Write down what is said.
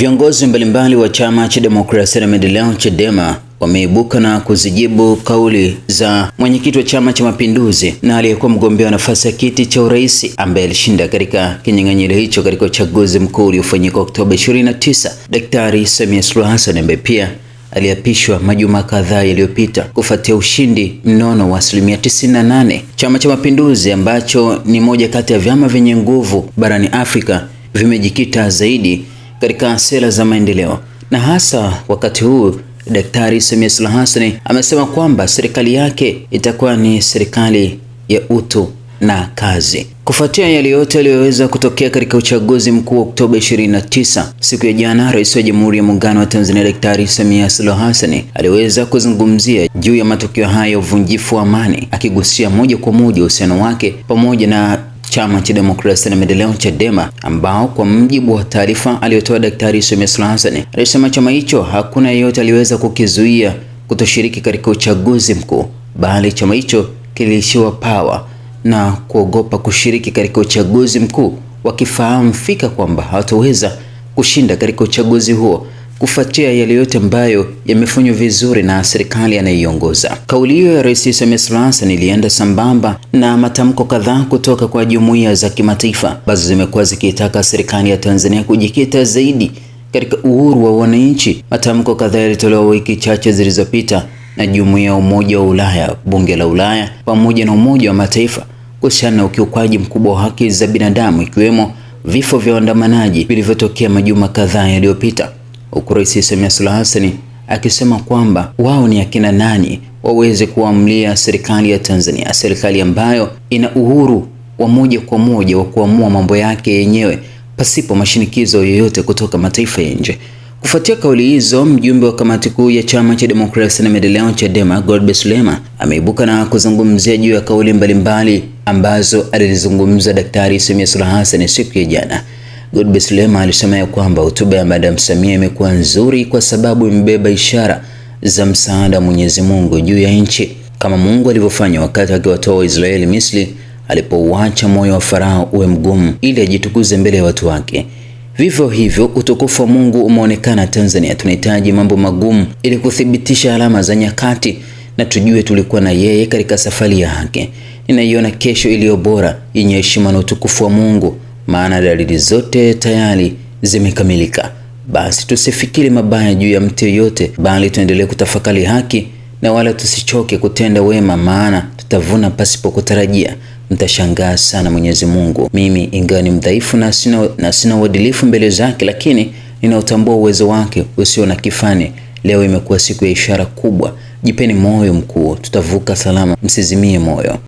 Viongozi mbalimbali wa chama cha demokrasia na maendeleo Chadema wameibuka na kuzijibu kauli za mwenyekiti wa Chama cha Mapinduzi na aliyekuwa mgombea wa nafasi ya kiti cha urais ambaye alishinda katika kinyang'anyiro hicho katika uchaguzi mkuu uliofanyika Oktoba 29, Daktari Samia Suluhu Hassan ambaye pia aliapishwa majuma kadhaa yaliyopita kufuatia ushindi mnono wa asilimia 98. Chama cha Mapinduzi ambacho ni moja kati ya vyama vyenye nguvu barani Afrika vimejikita zaidi katika sera za maendeleo, na hasa wakati huu Daktari Samia Suluhu Hassan amesema kwamba serikali yake itakuwa ni serikali ya utu na kazi. Kufuatia yale yote yaliyoweza kutokea katika uchaguzi mkuu wa Oktoba 29, siku ya jana, Rais wa Jamhuri ya Muungano wa Tanzania Daktari Samia Suluhu Hassan aliweza kuzungumzia juu ya matukio hayo ya uvunjifu wa amani, akigusia moja kwa moja uhusiano wake pamoja na chama cha demokrasia na maendeleo Chadema, ambao kwa mjibu wa taarifa aliyotoa Daktari Samia Suluhu Hassan alisema chama hicho hakuna yeyote aliweza kukizuia kutoshiriki katika uchaguzi mkuu, bali chama hicho kiliishiwa pawa na kuogopa kushiriki katika uchaguzi mkuu, wakifahamu fika kwamba hawataweza kushinda katika uchaguzi huo kufuatia yale yote ambayo yamefanywa vizuri na serikali anayeiongoza. Kauli hiyo ya Rais Samia Suluhu Hassan ilienda sambamba na matamko kadhaa kutoka kwa jumuiya za kimataifa ambazo zimekuwa zikitaka serikali ya Tanzania kujikita zaidi katika uhuru wa wananchi. Matamko kadhaa yalitolewa wiki chache zilizopita na jumuiya ya Umoja wa Ulaya, Bunge la Ulaya pamoja na Umoja wa Mataifa kuhusiana na ukiukwaji mkubwa wa haki za binadamu ikiwemo vifo vya waandamanaji vilivyotokea majuma kadhaa yaliyopita huku Rais Samia Suluhu Hassan akisema kwamba wao ni akina nani waweze kuamlia serikali ya Tanzania, serikali ambayo ina uhuru wa moja kwa moja wa kuamua mambo yake yenyewe pasipo mashinikizo yoyote kutoka mataifa ya nje. Kufuatia kauli hizo, mjumbe wa kamati kuu ya chama cha demokrasia na maendeleo Chadema, Godbless Lema ameibuka na kuzungumzia juu ya kauli mbalimbali ambazo alizungumza Daktari Samia Suluhu Hassan siku ya jana. Godbless Lema alisema ya kwamba hotuba ya Madam Samia imekuwa nzuri kwa sababu imebeba ishara za msaada wa Mwenyezi Mungu juu ya nchi kama Mungu alivyofanya wakati akiwatoa Israeli Misri, alipouacha moyo wa Farao uwe mgumu ili ajitukuze mbele ya watu wake. Vivyo hivyo utukufu wa Mungu umeonekana Tanzania. Tunahitaji mambo magumu ili kuthibitisha alama za nyakati na tujue tulikuwa na yeye katika safari yake. Ninaiona kesho iliyo bora yenye heshima na utukufu wa Mungu maana dalili zote tayari zimekamilika. Basi tusifikiri mabaya juu ya mtu yoyote, bali tuendelee kutafakari haki na wala tusichoke kutenda wema, maana tutavuna pasipo kutarajia. Mtashangaa sana Mwenyezi Mungu. Mimi ingawa ni mdhaifu na sina na sina uadilifu mbele zake, lakini ninautambua uwezo wake usio na kifani. Leo imekuwa siku ya ishara kubwa. Jipeni moyo mkuu, tutavuka salama, msizimie moyo.